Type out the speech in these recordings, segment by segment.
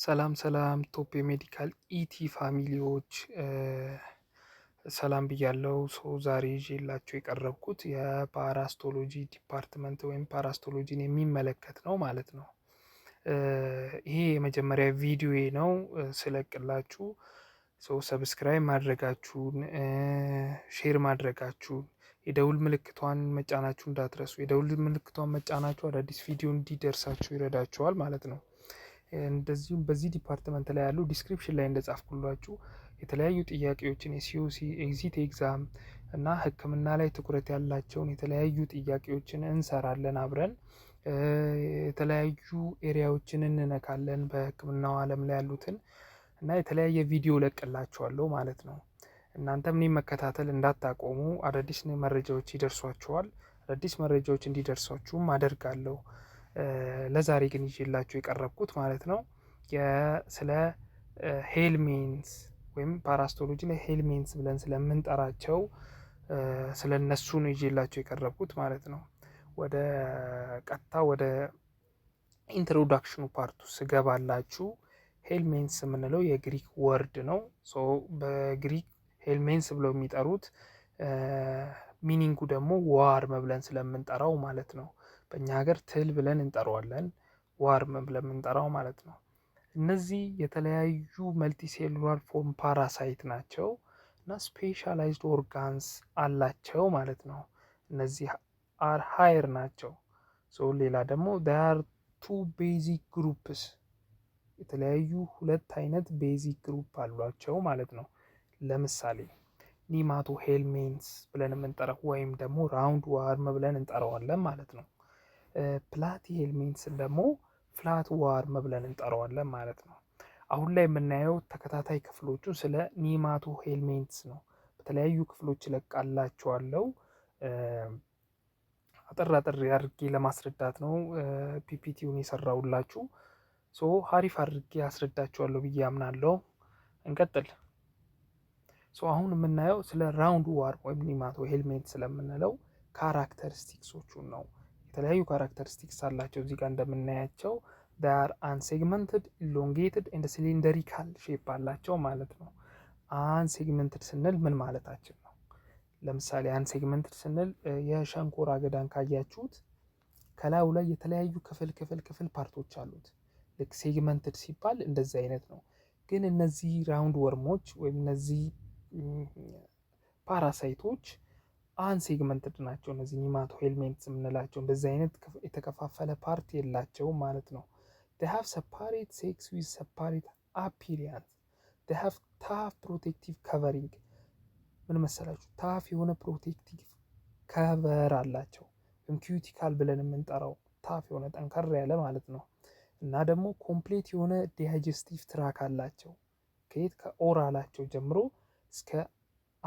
ሰላም ሰላም ቶፕ የሜዲካል ኢቲ ፋሚሊዎች ሰላም ብያለው። ሰው ዛሬ ይዤላቸው የቀረብኩት የፓራስቶሎጂ ዲፓርትመንት ወይም ፓራስቶሎጂን የሚመለከት ነው ማለት ነው። ይሄ የመጀመሪያ ቪዲዮ ነው ስለቅላችሁ ሰው ሰብስክራይብ ማድረጋችሁን ሼር ማድረጋችሁን የደውል ምልክቷን መጫናችሁ እንዳትረሱ። የደውል ምልክቷን መጫናችሁ አዳዲስ ቪዲዮ እንዲደርሳችሁ ይረዳችኋል ማለት ነው። እንደዚሁም በዚህ ዲፓርትመንት ላይ ያሉ ዲስክሪፕሽን ላይ እንደጻፍኩላችሁ የተለያዩ ጥያቄዎችን የሲዩሲ ኤግዚት ኤግዛም እና ሕክምና ላይ ትኩረት ያላቸውን የተለያዩ ጥያቄዎችን እንሰራለን አብረን የተለያዩ ኤሪያዎችን እንነካለን በሕክምናው ዓለም ላይ ያሉትን እና የተለያየ ቪዲዮ ለቅላችኋለሁ ማለት ነው። እናንተም እኔም መከታተል እንዳታቆሙ አዳዲስ መረጃዎች ይደርሷችኋል። አዳዲስ መረጃዎች እንዲደርሷችሁም አደርጋለሁ። ለዛሬ ግን ይዤላችሁ የቀረብኩት ማለት ነው ስለ ሄልሜንስ ወይም በአራስቶሎጂ ላይ ሄልሜንስ ብለን ስለምንጠራቸው ስለ እነሱ ነው ይዤላችሁ የቀረብኩት ማለት ነው። ወደ ቀጥታ ወደ ኢንትሮዳክሽኑ ፓርቱ ስገባላችሁ ሄልሜንስ የምንለው የግሪክ ወርድ ነው። በግሪክ ሄልሜንስ ብለው የሚጠሩት ሚኒንጉ ደግሞ ዋር መብለን ስለምንጠራው ማለት ነው በእኛ ሀገር ትል ብለን እንጠራዋለን፣ ዋርም ብለን የምንጠራው ማለት ነው። እነዚህ የተለያዩ መልቲሴሉላር ፎርም ፓራሳይት ናቸው እና ስፔሻላይዝድ ኦርጋንስ አላቸው ማለት ነው። እነዚህ አር ሃየር ናቸው። ሌላ ደግሞ ዳር ቱ ቤዚክ ግሩፕስ የተለያዩ ሁለት አይነት ቤዚክ ግሩፕ አሏቸው ማለት ነው። ለምሳሌ ኒማቶ ሄልሜንስ ብለን የምንጠራው ወይም ደግሞ ራውንድ ዋርም ብለን እንጠራዋለን ማለት ነው። ፕላት ሚንስ ደግሞ ፍላት ዋርም ብለን እንጠራዋለን ማለት ነው። አሁን ላይ የምናየው ተከታታይ ክፍሎቹ ስለ ኒማቶ ሄልሜንትስ ነው። በተለያዩ ክፍሎች ለቃላቸዋለው አጠር አጠር አድርጌ ለማስረዳት ነው ፒፒቲውን የሰራውላችሁ። ሶ ሀሪፍ አድርጌ አስረዳቸዋለሁ ብዬ አምናለሁ። እንቀጥል። ሶ አሁን የምናየው ስለ ራውንድ ዋር ወይም ኒማቶ ሄልሜንት ስለምንለው ካራክተሪስቲክሶቹን ነው። የተለያዩ ካራክተሪስቲክስ አላቸው። እዚህ ጋር እንደምናያቸው ዳር ሴግመንትድ ኢሎንጌትድ ኤንድ ሲሊንደሪካል ሼፕ አላቸው ማለት ነው። አንሴግመንትድ ስንል ምን ማለታችን ነው? ለምሳሌ አን ሴግመንትድ ስንል የሸንኮራ አገዳን ካያችሁት ከላዩ ላይ የተለያዩ ክፍል ክፍል ክፍል ፓርቶች አሉት። ልክ ሴግመንትድ ሲባል እንደዚህ አይነት ነው። ግን እነዚህ ራውንድ ወርሞች ወይም እነዚህ ፓራሳይቶች አን ሴግመንትድ ናቸው። እነዚህ ኒማቶ ሄልሜንትስ የምንላቸው እንደዚህ አይነት የተከፋፈለ ፓርት የላቸውም ማለት ነው። ሃቭ ሰፓሬት ሴክስ ዊዝ ሰፓሬት አፒሪያንስ ሃቭ ታፍ ፕሮቴክቲቭ ከቨሪንግ ምን መሰላችሁ? ታፍ የሆነ ፕሮቴክቲቭ ከቨር አላቸው ወይም ኪዩቲካል ብለን የምንጠራው ታፍ የሆነ ጠንከር ያለ ማለት ነው። እና ደግሞ ኮምፕሌት የሆነ ዳይጀስቲቭ ትራክ አላቸው ከየት ከኦራላቸው ጀምሮ እስከ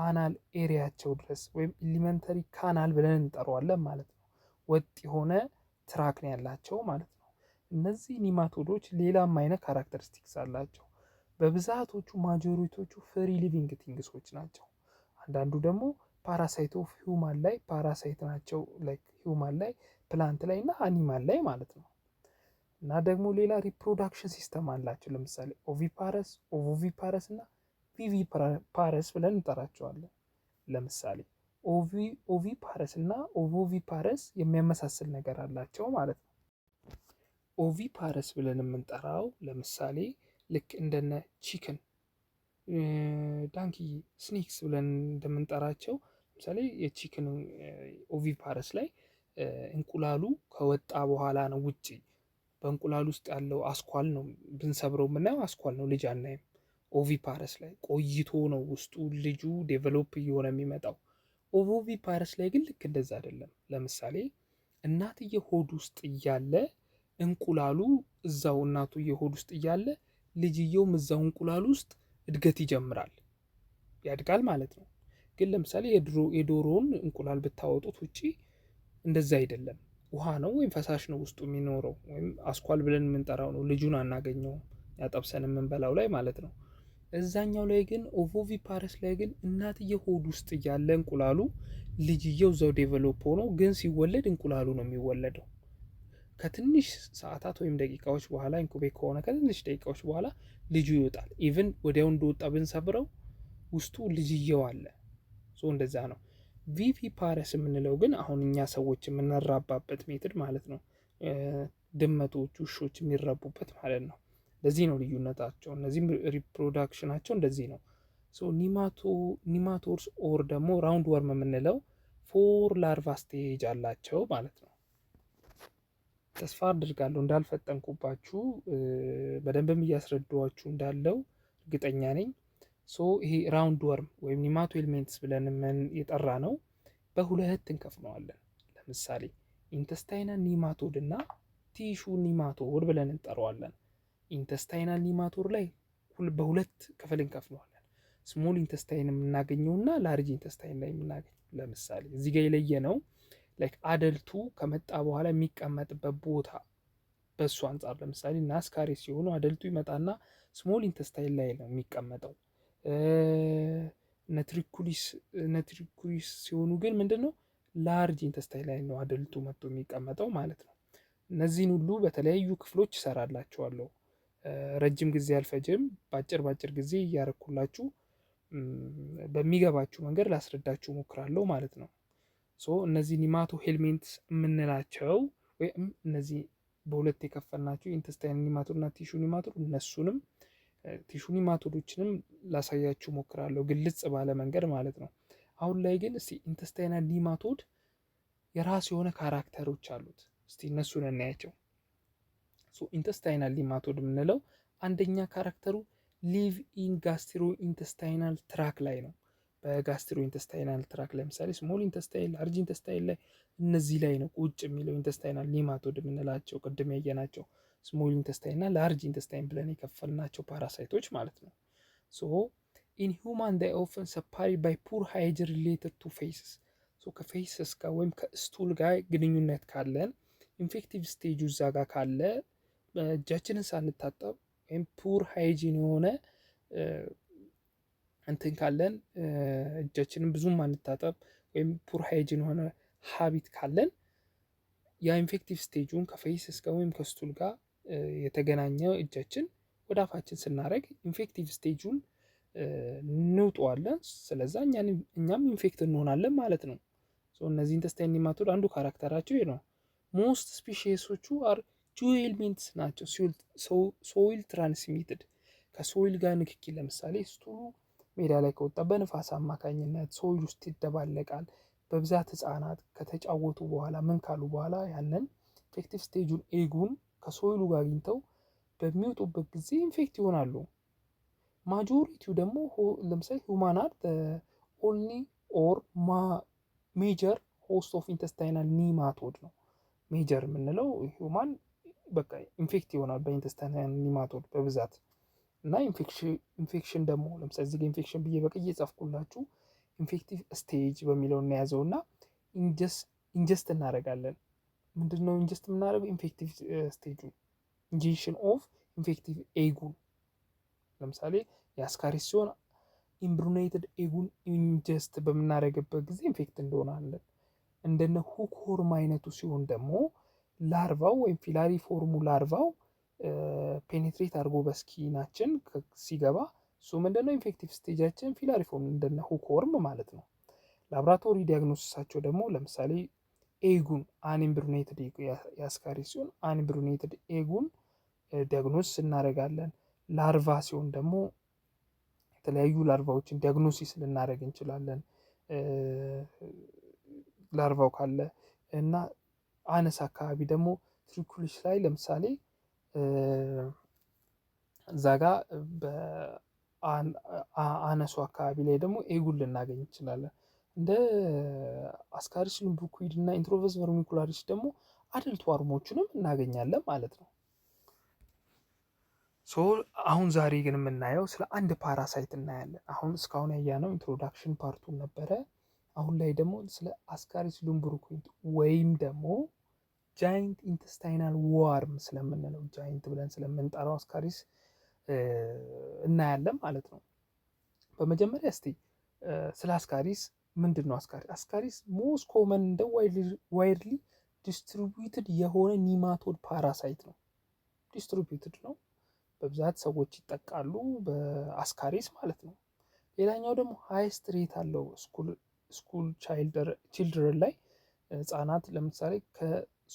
አናል ኤሪያቸው ድረስ ወይም ኢሊመንተሪ ካናል ብለን እንጠራዋለን ማለት ነው። ወጥ የሆነ ትራክ ነው ያላቸው ማለት ነው። እነዚህ ኒማቶዶች ሌላም አይነት ካራክተሪስቲክስ አላቸው። በብዛቶቹ ማጆሪቶቹ ፍሪ ሊቪንግ ቲንግሶች ናቸው። አንዳንዱ ደግሞ ፓራሳይት ኦፍ ሂውማን ላይ ፓራሳይት ናቸው፣ ላይክ ሂውማን ላይ ፕላንት ላይ እና አኒማል ላይ ማለት ነው። እና ደግሞ ሌላ ሪፕሮዳክሽን ሲስተም አላቸው። ለምሳሌ ኦቪፓረስ ኦቮቪፓረስ እና ቪቪ ፓረስ ብለን እንጠራቸዋለን። ለምሳሌ ኦቪ ፓረስ እና ኦቮቪ ፓረስ የሚያመሳስል ነገር አላቸው ማለት ነው። ኦቪ ፓረስ ብለን የምንጠራው ለምሳሌ ልክ እንደነ ቺክን፣ ዳንኪ፣ ስኒክስ ብለን እንደምንጠራቸው ለምሳሌ የቺክን ኦቪ ፓረስ ላይ እንቁላሉ ከወጣ በኋላ ነው ውጭ በእንቁላሉ ውስጥ ያለው አስኳል ነው ብንሰብረው የምናየው አስኳል ነው፣ ልጅ አናይም። ኦቪፓረስ ላይ ቆይቶ ነው ውስጡ ልጁ ዴቨሎፕ እየሆነ የሚመጣው። ፓረስ ላይ ግን ልክ እንደዛ አይደለም። ለምሳሌ እናትዬ ሆድ ውስጥ እያለ እንቁላሉ እዛው እናቱ የሆድ ውስጥ እያለ ልጅየውም እዛው እንቁላሉ ውስጥ እድገት ይጀምራል፣ ያድጋል ማለት ነው። ግን ለምሳሌ የድሮ የዶሮውን እንቁላል ብታወጡት ውጪ እንደዛ አይደለም። ውሃ ነው ወይም ፈሳሽ ነው ውስጡ የሚኖረው ወይም አስኳል ብለን የምንጠራው ነው። ልጁን አናገኘውም፣ ያጠብሰን የምንበላው ላይ ማለት ነው። እዛኛው ላይ ግን ፓረስ ላይ ግን እናትየ ሆድ ውስጥ እያለ እንቁላሉ ልጅየው ዘው ዴቨሎፕ ሆኖ ግን ሲወለድ እንቁላሉ ነው የሚወለደው። ከትንሽ ሰዓታት ወይም ደቂቃዎች በኋላ ኢንኩቤ ከሆነ ከትንሽ ደቂቃዎች በኋላ ልጁ ይወጣል። ኢቭን ወዲያው እንደወጣ ብንሰብረው ውስጡ ልጅየው አለ። ሶ እንደዛ ነው። ቪቪ ፓረስ የምንለው ግን አሁን እኛ ሰዎች የምንራባበት ሜትድ ማለት ነው። ድመቶች፣ ውሾች የሚረቡበት ማለት ነው። ለዚህ ነው ልዩነታቸው። እነዚህም ሪፕሮዳክሽናቸው እንደዚህ ነው። ኒማቶርስ ኦር ደግሞ ራውንድ ወርም የምንለው ፎር ላርቫ ስቴጅ አላቸው ማለት ነው። ተስፋ አድርጋለሁ እንዳልፈጠንኩባችሁ በደንብም እያስረዳዋችሁ እንዳለው እርግጠኛ ነኝ። ሶ ይሄ ራውንድ ወርም ወይም ኒማቶ ኤልሜንትስ ብለን ምን የጠራ ነው በሁለት እንከፍነዋለን። ለምሳሌ ኢንተስታይና ኒማቶድ እና ቲሹ ኒማቶድ ብለን እንጠራዋለን። ኢንተስታይናል ኒማቶር ላይ በሁለት ክፍል እንከፍለዋለን። ስሞል ኢንተስታይን የምናገኘውና ላርጅ ኢንተስታይን ላይ የምናገኘው። ለምሳሌ እዚህ ጋ የለየ ነው ላይክ አደልቱ ከመጣ በኋላ የሚቀመጥበት ቦታ በሱ አንጻር ለምሳሌ ናስካሪ ሲሆኑ አደልቱ ይመጣና ስሞል ኢንተስታይን ላይ ነው የሚቀመጠው። ነትሪኩሊስ ሲሆኑ ግን ምንድን ነው ላርጅ ኢንተስታይን ላይ ነው አደልቱ መጥቶ የሚቀመጠው ማለት ነው። እነዚህን ሁሉ በተለያዩ ክፍሎች ይሰራላቸዋለሁ። ረጅም ጊዜ አልፈጅም። በአጭር በአጭር ጊዜ እያረኩላችሁ በሚገባችሁ መንገድ ላስረዳችሁ ሞክራለሁ ማለት ነው። ሶ እነዚህ ኒማቶ ሄልሜንት የምንላቸው ወይም እነዚህ በሁለት የከፈልናቸው ኢንተስታይን ኒማቶድ እና ቲሹ ኒማቶድ እነሱንም ቲሹ ኒማቶዶችንም ላሳያችሁ ሞክራለሁ ግልጽ ባለ መንገድ ማለት ነው። አሁን ላይ ግን እስቲ ኢንተስታይናል ኒማቶድ የራሱ የሆነ ካራክተሮች አሉት። እስቲ እነሱን እናያቸው። ሶ ኢንተስታይናል ሊማቶድ የምንለው አንደኛ ካራክተሩ ሊቭ ኢን ጋስትሮ ኢንተስታይናል ትራክ ላይ ነው። በጋስትሮ ኢንተስታይናል ትራክ ላይ ምሳሌ ስሞል ኢንተስታይን፣ ላርጅ ኢንተስታይን ላይ እነዚህ ላይ ነው ቁጭ የሚለው ኢንተስታይናል ሊማቶድ የምንላቸው ቅድም ያየናቸው ስሞል ኢንተስታይን እና ላርጅ ኢንተስታይን ብለን የከፈልናቸው ፓራሳይቶች ማለት ነው። ሶ ኢን ሂውማን ዳይ ኦፍን ሰፓሪ ባይ ፑር ሃይጅ ሪሌትድ ቱ ፌስስ ከፌስስ ጋር ወይም ከስቱል ጋር ግንኙነት ካለን ኢንፌክቲቭ ስቴጁ እዛ ጋር ካለ እጃችንን ሳንታጠብ ወይም ፑር ሃይጂን የሆነ እንትን ካለን እጃችንን ብዙም አንታጠብ ወይም ፑር ሃይጂን የሆነ ሀቢት ካለን ያ ኢንፌክቲቭ ስቴጁን ከፌስ እስከ ወይም ከስቱል ጋር የተገናኘ እጃችን ወደ አፋችን ስናደርግ ኢንፌክቲቭ ስቴጁን እንውጠዋለን። ስለዛ እኛም ኢንፌክት እንሆናለን ማለት ነው። እነዚህ ኢንተስታይን ኔማቶድ አንዱ ካራክተራቸው ነው። ሞስት ስፒሺሶቹ አር ጁዌል ኤሌሜንትስ ናቸው ሶይል ትራንስሚትድ ከሶይል ጋር ንክኪ ለምሳሌ ስቱሉ ሜዳ ላይ ከወጣ በንፋስ አማካኝነት ሶይል ውስጥ ይደባለቃል። በብዛት ህጻናት ከተጫወቱ በኋላ ምን ካሉ በኋላ ያንን ኢንፌክቲቭ ስቴጁን ኤጉን ከሶይሉ ጋር አግኝተው በሚወጡበት ጊዜ ኢንፌክት ይሆናሉ። ማጆሪቲው ደግሞ ለምሳሌ ሁማናት ኦንሊ ኦር ሜጀር ሆስት ኦፍ ኢንተስታይናል ኒማቶድ ነው። ሜጀር የምንለው ሁማን በቃ ኢንፌክት ይሆናል በኢንተስታይን ኒማቶድ በብዛት እና ኢንፌክሽን ደግሞ ለምሳሌ እዚህ ኢንፌክሽን ብዬ በቀይ እየጻፍኩላችሁ ኢንፌክቲቭ ስቴጅ በሚለው እናያዘው እና ኢንጀስት እናደርጋለን። ምንድን ነው ኢንጀስት የምናደርገው? ኢንፌክቲቭ ስቴጁ ኢንጀክሽን ኦፍ ኢንፌክቲቭ ኤጉን ለምሳሌ የአስካሪስ ሲሆን ኢምብሩኔትድ ኤጉን ኢንጀስት በምናደርግበት ጊዜ ኢንፌክት እንደሆናለን። እንደነ ሁክ ሆርም አይነቱ ሲሆን ደግሞ ላርቫው ወይም ፊላሪ ፎርሙ ላርቫው ፔኔትሬት አድርጎ በስኪናችን ሲገባ እሱ ምንድነው ኢንፌክቲቭ ስቴጃችን ፊላሪ ፎርም እንደነ ሁኮርም ማለት ነው። ላብራቶሪ ዲያግኖሲሳቸው ደግሞ ለምሳሌ ኤጉን አንኢምብሩኔትድ ያስካሪ ሲሆን አንኢምብሩኔትድ ኤጉን ዲያግኖሲስ እናደርጋለን። ላርቫ ሲሆን ደግሞ የተለያዩ ላርቫዎችን ዲያግኖሲስ ልናደርግ እንችላለን። ላርቫው ካለ እና አነስ አካባቢ ደግሞ ትሪኩሊሽ ላይ ለምሳሌ እዛ ጋ አነሱ አካባቢ ላይ ደግሞ ኤጉል ልናገኝ እንችላለን። እንደ አስካሪስ ሉምብኩዊድ እና ኢንትሮቨርስ ቨርሚኩላሪስ ደግሞ አድልት አርሞችንም እናገኛለን ማለት ነው። ሶ አሁን ዛሬ ግን የምናየው ስለ አንድ ፓራሳይት እናያለን። አሁን እስካሁን ያያነው ኢንትሮዳክሽን ፓርቱን ነበረ። አሁን ላይ ደግሞ ስለ አስካሪስ ሉምብኩዊድ ወይም ደግሞ ጃይንት ኢንተስታይናል ዋርም ስለምንለው ጃይንት ብለን ስለምንጠራው አስካሪስ እናያለን ማለት ነው። በመጀመሪያ እስቲ ስለ አስካሪስ ምንድን ነው አስካሪስ? አስካሪስ ሞስት ኮመን እንደ ዋይድሊ ዲስትሪቢዩትድ የሆነ ኒማቶድ ፓራሳይት ነው። ዲስትሪቢዩትድ ነው፣ በብዛት ሰዎች ይጠቃሉ በአስካሪስ ማለት ነው። ሌላኛው ደግሞ ሃይስት ሬት አለው ስኩል ቻይልድረን ላይ ህጻናት ለምሳሌ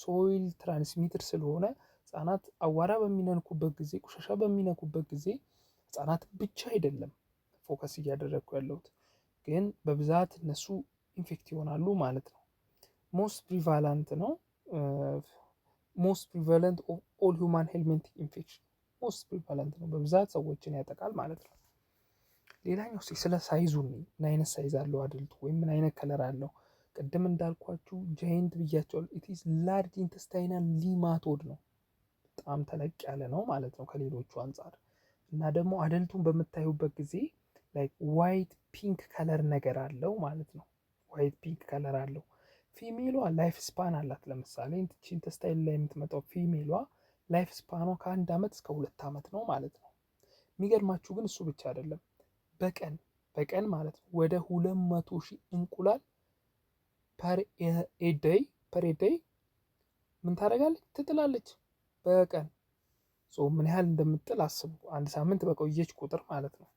ሶይል ትራንስሚተር ስለሆነ ህጻናት አዋራ በሚነኩበት ጊዜ ቆሻሻ በሚነኩበት ጊዜ ህጻናት ብቻ አይደለም ፎከስ እያደረግኩ ያለሁት ግን በብዛት እነሱ ኢንፌክት ይሆናሉ ማለት ነው። ሞስት ፕሪቫላንት ነው ሞስት ፕሪቫለንት ኦፍ ኦል ሁማን ሄልሜንቲክ ኢንፌክሽን ሞስት ፕሪቫለንት ነው፣ በብዛት ሰዎችን ያጠቃል ማለት ነው። ሌላኛው ስለ ሳይዙ ምን አይነት ሳይዝ አለው አድልቱ ወይም ምን አይነት ከለር አለው ቅድም እንዳልኳችሁ ጃይንት ብያቸዋል። ኢትስ ላርጅ ኢንተስታይናል ሊማቶድ ነው። በጣም ተለቅ ያለ ነው ማለት ነው ከሌሎቹ አንጻር እና ደግሞ አደልቱን በምታዩበት ጊዜ ላይክ ዋይት ፒንክ ከለር ነገር አለው ማለት ነው። ዋይት ፒንክ ከለር አለው። ፊሜሏ ላይፍ ስፓን አላት። ለምሳሌ ኢንተስታይን ላይ የምትመጣው ፊሜሏ ላይፍ ስፓኗ ከአንድ ዓመት እስከ ሁለት ዓመት ነው ማለት ነው። የሚገርማችሁ ግን እሱ ብቻ አይደለም። በቀን በቀን ማለት ነው ወደ ሁለት መቶ ሺህ እንቁላል ፐር ኤደይ ፐር ኤደይ ምን ታደርጋለች? ትጥላለች። በቀን ጾም ምን ያህል እንደምትጥል አስቡ። አንድ ሳምንት በቆየች ቁጥር ማለት ነው።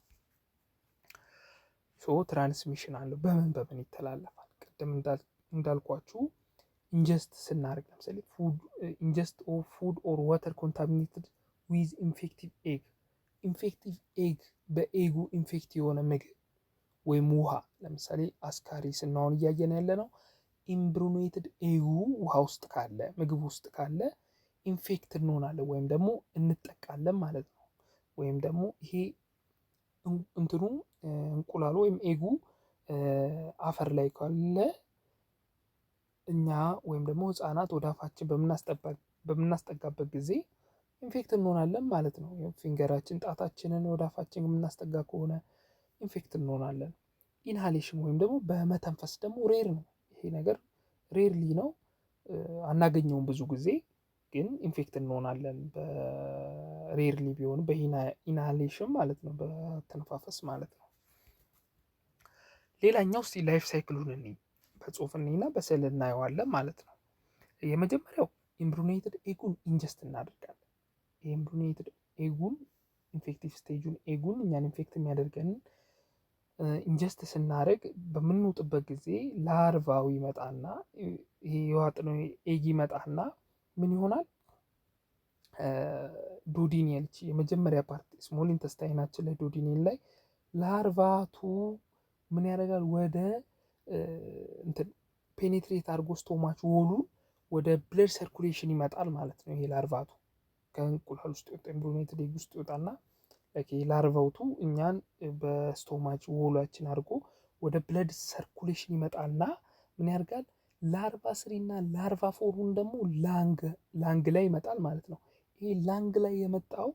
ሶ ትራንስሚሽን አለው። በምን በምን ይተላለፋል? ቅድም እንዳልኳችሁ ኢንጀስት ስናደርግ ለምሳሌ ኢንጀስት ኦፍ ፉድ ኦር ዋተር ኮንታሚኔትድ ዊዝ ኢንፌክቲቭ ኤግ ኢንፌክቲቭ ኤግ በኤጉ ኢንፌክት የሆነ ምግብ ወይም ውሃ ለምሳሌ አስካሪ ስናሆን እያየን ያለ ነው። ኢምብሩኔትድ ኤጉ ውሃ ውስጥ ካለ ምግብ ውስጥ ካለ ኢንፌክት እንሆናለን ወይም ደግሞ እንጠቃለን ማለት ነው። ወይም ደግሞ ይሄ እንትኑ እንቁላሉ ወይም ኤጉ አፈር ላይ ካለ እኛ ወይም ደግሞ ህጻናት ወደ አፋችን በምናስጠጋበት ጊዜ ኢንፌክት እንሆናለን ማለት ነው። ፊንገራችን ጣታችንን ወደ አፋችን የምናስጠጋ ከሆነ ኢንፌክት እንሆናለን። ኢንሃሌሽን ወይም ደግሞ በመተንፈስ ደግሞ ሬር ነው። ይሄ ነገር ሬርሊ ነው አናገኘውም ብዙ ጊዜ ግን ኢንፌክት እንሆናለን በሬርሊ ቢሆን በኢናሌሽን ማለት ነው በተነፋፈስ ማለት ነው። ሌላኛው እስቲ ላይፍ ሳይክሉን እኔ በጽሁፍ እኔና በስዕል እናየዋለን ማለት ነው። የመጀመሪያው ኢምብሩኔትድ ኤጉን ኢንጀስት እናደርጋለን። የኢምብሩኔትድ ኤጉን ኢንፌክቲቭ ስቴጁን ኤጉን እኛን ኢንፌክት የሚያደርገንን ኢንጀስት ስናደርግ በምንውጥበት ጊዜ ላርቫው ይመጣና ይሄ የዋጥነው ኤግ ይመጣና ምን ይሆናል? ዶዲኔልች የመጀመሪያ ፓርቲ ስሞል ኢንተስታይናችን ላይ ዶዲኔል ላይ ላርቫቱ ምን ያደርጋል? ወደ ፔኔትሬት አድርጎ ስቶማች ወሉ ወደ ብለድ ሰርኩሌሽን ይመጣል ማለት ነው። ይሄ ላርቫቱ ከእንቁላል ውስጥ ወጣ ኢምብሪዮኔትድ ኤግ ውስጥ ይወጣና ላርቫውቱ እኛን በስቶማች ወሏችን አድርጎ ወደ ብለድ ሰርኩሌሽን ይመጣና ምን ያደርጋል? ላርቫ ስሪ እና ላርቫ ፎሩን ደግሞ ላንግ ላይ ይመጣል ማለት ነው። ይሄ ላንግ ላይ የመጣው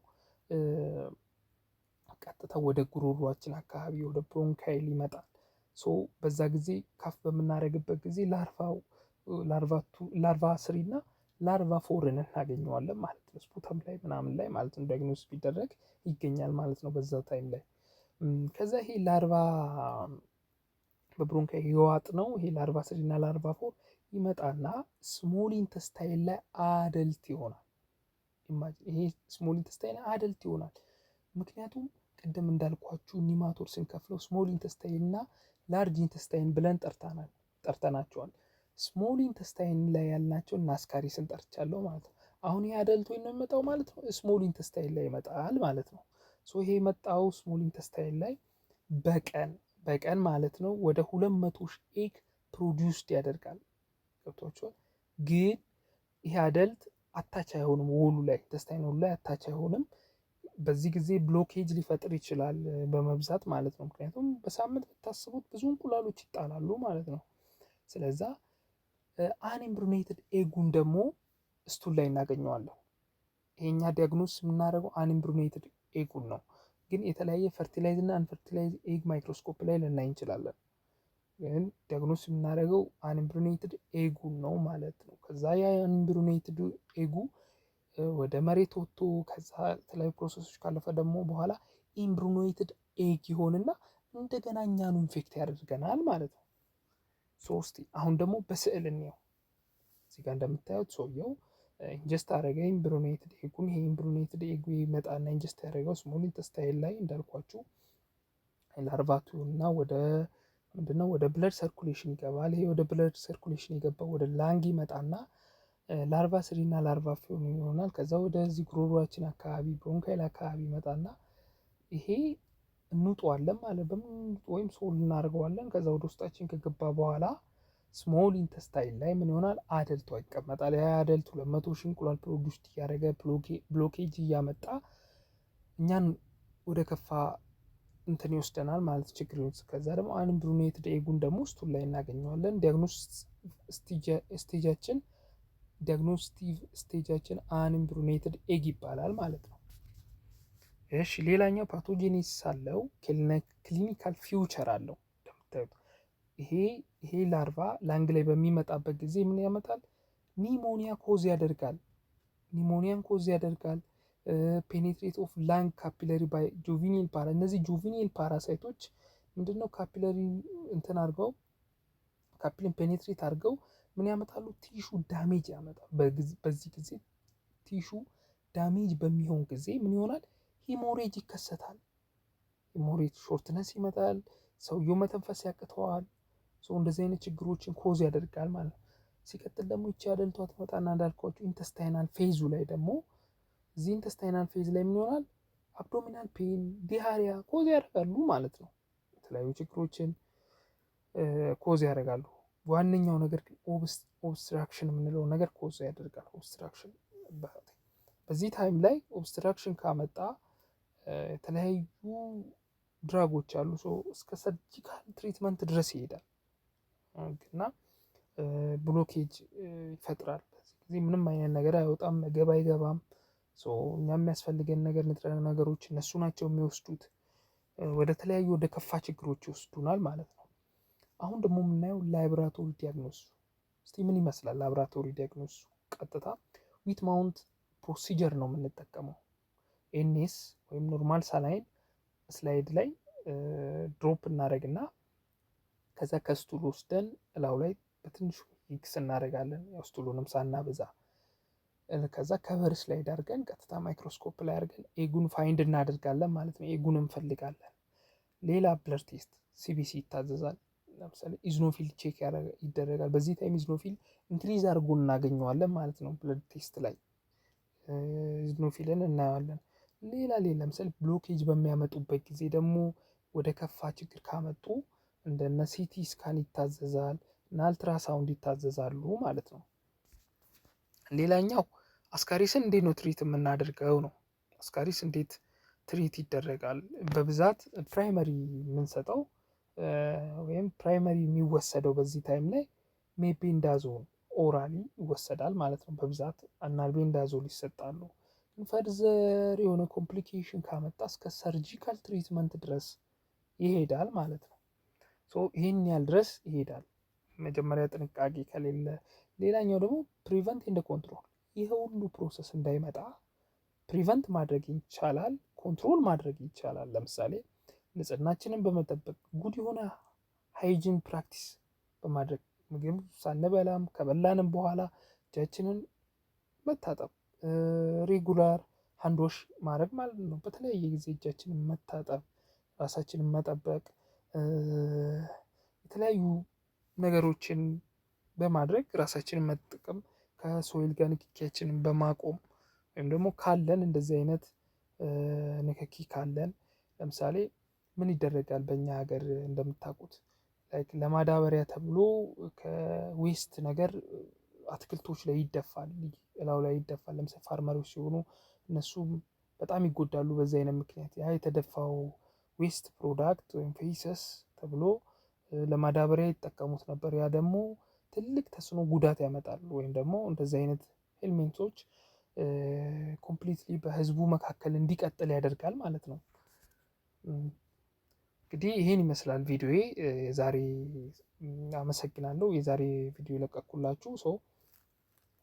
ቀጥታ ወደ ጉሮሯችን አካባቢ ወደ ብሮንካይል ይመጣል። ሶ በዛ ጊዜ ካፍ በምናደርግበት ጊዜ ላርቫ ስሪ እና ላርቫ ፎርን እናገኘዋለን ማለት ነው። ስፑተም ላይ ምናምን ላይ ማለት ነው ዳግኖስ ቢደረግ ይገኛል ማለት ነው በዛ ታይም ላይ። ከዛ ይሄ ላርቫ በብሮንካይ ህዋጥ ነው ይሄ ላርቫ ስሪ እና ላርቫ ፎር ይመጣና ስሞል ኢንተስታይን ላይ አደልት ይሆናል። ይሄ ስሞል ኢንተስታይን ላይ አደልት ይሆናል። ምክንያቱም ቅድም እንዳልኳችሁ ኒማቶር ስንከፍለው ስሞል ኢንተስታይን እና ላርጅ ኢንተስታይን ብለን ጠርተናቸዋል። ስሞል ኢንተስታይን ላይ ያልናቸውን ናስካሪስን ጠርቻለሁ ማለት ነው። አሁን ይሄ አደልት የሚመጣው ማለት ነው። ስሞል ኢንተስታይን ላይ ይመጣል ማለት ነው። ሶ ይሄ የመጣው ስሞል ኢንተስታይን ላይ በቀን በቀን ማለት ነው ወደ ሁለት መቶ ሺህ ኤግ ፕሮዲውስድ ያደርጋል። ገብቷችኋል? ግን ይሄ አደልት አታች አይሆንም፣ ወሉ ላይ ኢንተስታይን ወሉ ላይ አታች አይሆንም። በዚህ ጊዜ ብሎኬጅ ሊፈጥር ይችላል በመብዛት ማለት ነው። ምክንያቱም በሳምንት ብታስቡት ብዙ እንቁላሎች ይጣላሉ ማለት ነው። ስለዛ አንኢምብሪዮኔትድ ኤጉን ደግሞ ስቱል ላይ እናገኘዋለሁ። ይሄኛ ዲያግኖስ የምናደርገው አንኢምብሪዮኔትድ ኤጉን ነው። ግን የተለያየ ፈርቲላይዝ እና አንፈርቲላይዝ ኤግ ማይክሮስኮፕ ላይ ልናይ እንችላለን። ግን ዲያግኖስ የምናደርገው አንኢምብሪዮኔትድ ኤጉን ነው ማለት ነው። ከዛ ያ ኤጉ ወደ መሬት ወጥቶ ከዛ የተለያዩ ፕሮሰሶች ካለፈ ደግሞ በኋላ ኢምብሪዮኔትድ ኤግ ይሆንና እንደገና እኛኑ ኢንፌክት ያደርገናል ማለት ነው። ሶስቴ። አሁን ደግሞ በስዕል እንየው። እዚህ ጋር እንደምታዩት ሰውየው ኢንጀስት አደረገ። ኢምብሩኔትድ ኤጉን ይሄ ኢምብሩኔትድ ኤጉ ይመጣና ኢንጀስት ያደረገው ስሞል ኢንተስታይል ላይ እንዳልኳችሁ ላርቫቱ እና ወደ ምንድነው ወደ ብለድ ሰርኩሌሽን ይገባል። ይሄ ወደ ብለድ ሰርኩሌሽን የገባው ወደ ላንግ ይመጣና ላርቫ ስሪ እና ላርቫ ፊዮን ይሆናል። ከዛ ወደዚህ ጉሮሯችን አካባቢ ብሮንካይል አካባቢ ይመጣና ይሄ እንውጠዋለን ማለት በምንውጥ ወይም ሶል እናደርገዋለን። ከዛ ወደ ውስጣችን ከገባ በኋላ ስሞል ኢንተስታይል ላይ ምን ይሆናል? አደልቶ ይቀመጣል። ያ አደልቱ ለመቶ መቶ ሺህ እንቁላል ፕሮዲስ እያደረገ ብሎኬጅ እያመጣ እኛን ወደ ከፋ እንትን ይወስደናል ማለት ችግር ይወስ ከዛ ደግሞ አንድ አንብሩኔትድ ደጉን ደግሞ ስቱል ላይ እናገኘዋለን። ዲያግኖስ ስቴጃችን ዲያግኖስቲቭ ስቴጃችን አንብሩኔትድ ኤግ ይባላል ማለት ነው። እሺ ሌላኛው ፓቶጂኒስ አለው ክሊኒካል ፊውቸር አለው። እንደምታዩት ይሄ ይሄ ላርቫ ላንግ ላይ በሚመጣበት ጊዜ ምን ያመጣል? ኒሞኒያ ኮዝ ያደርጋል። ኒሞኒያን ኮዝ ያደርጋል። ፔኔትሬት ኦፍ ላንግ ካፒለሪ ባይ ጁቪኒል ፓራ እነዚህ ጁቪኒል ፓራሳይቶች ምንድነው ካፒለሪ እንትን አድርገው ካፒልን ፔኔትሬት አድርገው ምን ያመጣሉ? ቲሹ ዳሜጅ ያመጣል። በዚህ ጊዜ ቲሹ ዳሜጅ በሚሆን ጊዜ ምን ይሆናል? ሂሞሬጅ ይከሰታል። ሂሞሬጅ ሾርትነስ ይመጣል። ሰውየው መተንፈስ ያቅተዋል። ሰው እንደዚህ አይነት ችግሮችን ኮዝ ያደርጋል ማለት ነው። ሲቀጥል ደግሞ ይቺ አደልቷ ትመጣና እንዳልኳቸው ኢንተስታይናል ፌዙ ላይ ደግሞ እዚህ ኢንተስታይናል ፌዝ ላይ ምን ይሆናል? አብዶሚናል ፔን፣ ዲሃሪያ ኮዝ ያደርጋሉ ማለት ነው። የተለያዩ ችግሮችን ኮዝ ያደርጋሉ። ዋነኛው ነገር ግን ኦብስትራክሽን የምንለው ነገር ኮዝ ያደርጋል። ኦብስትራክሽን በዚህ ታይም ላይ ኦብስትራክሽን ካመጣ የተለያዩ ድራጎች አሉ። እስከ ሰርጂካል ትሪትመንት ድረስ ይሄዳል እና ብሎኬጅ ይፈጥራል። በዚህ ጊዜ ምንም አይነት ነገር አይወጣም፣ ምግብ አይገባም። እኛ የሚያስፈልገን ነገር ንጥረ ነገሮች እነሱ ናቸው የሚወስዱት። ወደ ተለያዩ ወደ ከፋ ችግሮች ይወስዱናል ማለት ነው። አሁን ደግሞ የምናየው ላብራቶሪ ዲያግኖስ እስቲ ምን ይመስላል? ላብራቶሪ ዲያግኖስ ቀጥታ ዊትማውንት ፕሮሲጀር ነው የምንጠቀመው። ኤንኤስ ወይም ኖርማል ሳላይን ስላይድ ላይ ድሮፕ እናደረግና ከዛ ከስቱል ወስደን እላው ላይ በትንሹ ሚክስ እናደረጋለን። ያው ስቱሉንም ሳናበዛ ከዛ ከቨር ስላይድ አድርገን ቀጥታ ማይክሮስኮፕ ላይ አድርገን ኤጉን ፋይንድ እናደርጋለን ማለት ነው። ኤጉን እንፈልጋለን። ሌላ ብለር ቴስት ሲቢሲ ይታዘዛል። ለምሳሌ ኢዝኖፊል ቼክ ይደረጋል። በዚህ ታይም ኢዝኖፊል ኢንክሪዝ አድርጎ እናገኘዋለን ማለት ነው። ብለድ ቴስት ላይ ኢዝኖፊልን እናየዋለን። ሌላ ሌላ ለምሳሌ ብሎኬጅ በሚያመጡበት ጊዜ ደግሞ ወደ ከፋ ችግር ካመጡ እንደነ ሲቲ ስካን ይታዘዛል እና አልትራሳውንድ ይታዘዛሉ ማለት ነው። ሌላኛው አስካሪስን እንዴት ነው ትሪት የምናደርገው ነው። አስካሪስ እንዴት ትሪት ይደረጋል? በብዛት ፕራይመሪ የምንሰጠው ወይም ፕራይመሪ የሚወሰደው በዚህ ታይም ላይ ሜቤንዳዞን ኦራሊ ይወሰዳል ማለት ነው። በብዛት አናልቤንዳዞል ይሰጣሉ። ፈርዘር የሆነ ኮምፕሊኬሽን ካመጣ እስከ ሰርጂካል ትሪትመንት ድረስ ይሄዳል ማለት ነው። ይህን ያህል ድረስ ይሄዳል መጀመሪያ ጥንቃቄ ከሌለ። ሌላኛው ደግሞ ፕሪቨንት እንደ ኮንትሮል፣ ይህ ሁሉ ፕሮሰስ እንዳይመጣ ፕሪቨንት ማድረግ ይቻላል፣ ኮንትሮል ማድረግ ይቻላል። ለምሳሌ ንጽህናችንን በመጠበቅ ጉድ የሆነ ሃይጂን ፕራክቲስ በማድረግ ምግብ ሳንበላም ከበላንም በኋላ እጃችንን መታጠብ ሬጉላር ሀንዶሽ ማድረግ ማለት ነው። በተለያየ ጊዜ እጃችንን መታጠብ፣ ራሳችንን መጠበቅ፣ የተለያዩ ነገሮችን በማድረግ ራሳችንን መጠቀም ከሶይል ጋር ንክኪያችንን በማቆም ወይም ደግሞ ካለን እንደዚህ አይነት ንክኪ ካለን ለምሳሌ ምን ይደረጋል? በእኛ ሀገር እንደምታውቁት ለማዳበሪያ ተብሎ ከዌስት ነገር አትክልቶች ላይ ይደፋል፣ እላው ላይ ይደፋል። ለምሳሌ ፋርመሮች ሲሆኑ እነሱም በጣም ይጎዳሉ በዛ አይነት ምክንያት። ያ የተደፋው ዌስት ፕሮዳክት ወይም ፌሰስ ተብሎ ለማዳበሪያ ይጠቀሙት ነበር። ያ ደግሞ ትልቅ ተጽዕኖ ጉዳት ያመጣል። ወይም ደግሞ እንደዚህ አይነት ኤልሜንቶች ኮምፕሊትሊ በህዝቡ መካከል እንዲቀጥል ያደርጋል ማለት ነው። እንግዲህ ይህን ይመስላል ቪዲዮዬ። የዛሬ አመሰግናለሁ። የዛሬ ቪዲዮ ለቀኩላችሁ ሰው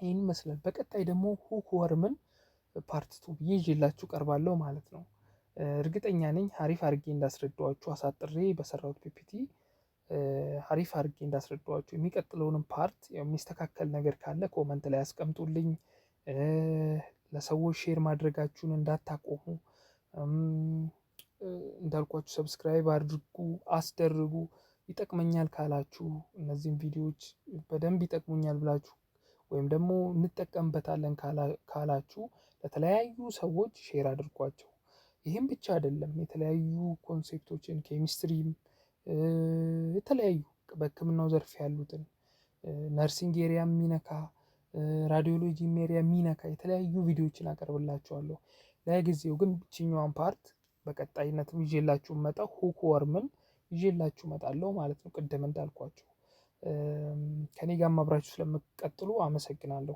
ይህን ይመስላል። በቀጣይ ደግሞ ሁክ ፓርት ቱ ብዬ ይዤላችሁ ቀርባለሁ ማለት ነው። እርግጠኛ ነኝ ሀሪፍ አድርጌ እንዳስረዳዋችሁ አሳጥሬ በሰራሁት ፒፒቲ ሀሪፍ አድርጌ እንዳስረዳዋችሁ። የሚቀጥለውንም ፓርት የሚስተካከል ነገር ካለ ኮመንት ላይ ያስቀምጡልኝ። ለሰዎች ሼር ማድረጋችሁን እንዳታቆሙ። እንዳልኳችሁ ሰብስክራይብ አድርጉ፣ አስደርጉ። ይጠቅመኛል ካላችሁ እነዚህም ቪዲዮዎች በደንብ ይጠቅሙኛል ብላችሁ ወይም ደግሞ እንጠቀምበታለን ካላችሁ ለተለያዩ ሰዎች ሼር አድርጓቸው። ይህም ብቻ አይደለም የተለያዩ ኮንሴፕቶችን ኬሚስትሪም የተለያዩ በህክምናው ዘርፍ ያሉትን ነርሲንግ ኤሪያ የሚነካ ራዲዮሎጂ ኤሪያ የሚነካ የተለያዩ ቪዲዮዎችን አቀርብላችኋለሁ። ለጊዜው ግን ብቸኛዋን ፓርት በቀጣይነትም ይዤላችሁ መጣ ሁክ ወርምን ይዤላችሁ እመጣለሁ ማለት ነው። ቅድም እንዳልኳችሁ ከኔ ጋር አብራችሁ ስለምትቀጥሉ አመሰግናለሁ።